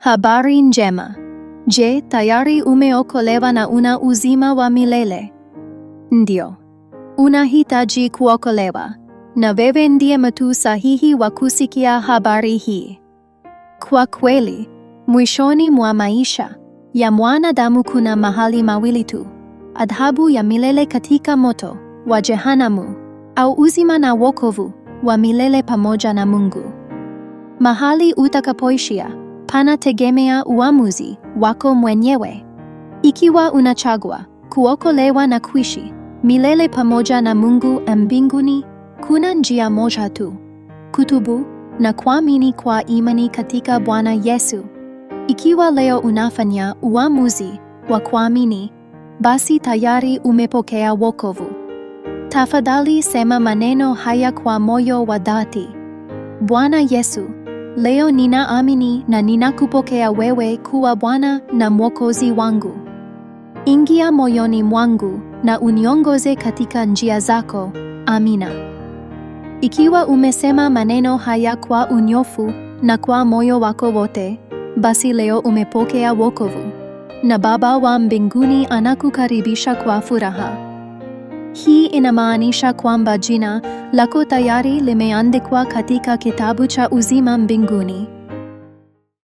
Habari njema. Je, tayari umeokolewa na una uzima wa milele? Ndio. Unahitaji kuokolewa. Na wewe ndiye mtu sahihi wa kusikia habari hii. Kwa kweli, mwishoni mwa maisha ya mwanadamu kuna mahali mawili tu: adhabu ya milele katika moto wa jehanamu, au uzima na wokovu wa milele pamoja na Mungu. Mahali utakapoishia panategemea uamuzi wako mwenyewe. Ikiwa unachagua kuokolewa na kuishi milele pamoja na Mungu mbinguni, kuna njia moja tu: kutubu na kuamini kwa imani katika Bwana Yesu. Ikiwa leo unafanya uamuzi wa kuamini, basi tayari umepokea wokovu. Tafadhali sema maneno haya kwa moyo wa dhati: Bwana Yesu, Leo nina amini na ninakupokea wewe kuwa Bwana na Mwokozi wangu. Ingia moyoni mwangu na uniongoze katika njia zako. Amina. Ikiwa umesema maneno haya kwa unyofu na kwa moyo wako wote, basi leo umepokea wokovu, na Baba wa mbinguni anakukaribisha kwa furaha. Hii inamaanisha kwamba jina lako tayari limeandikwa katika kitabu cha uzima mbinguni.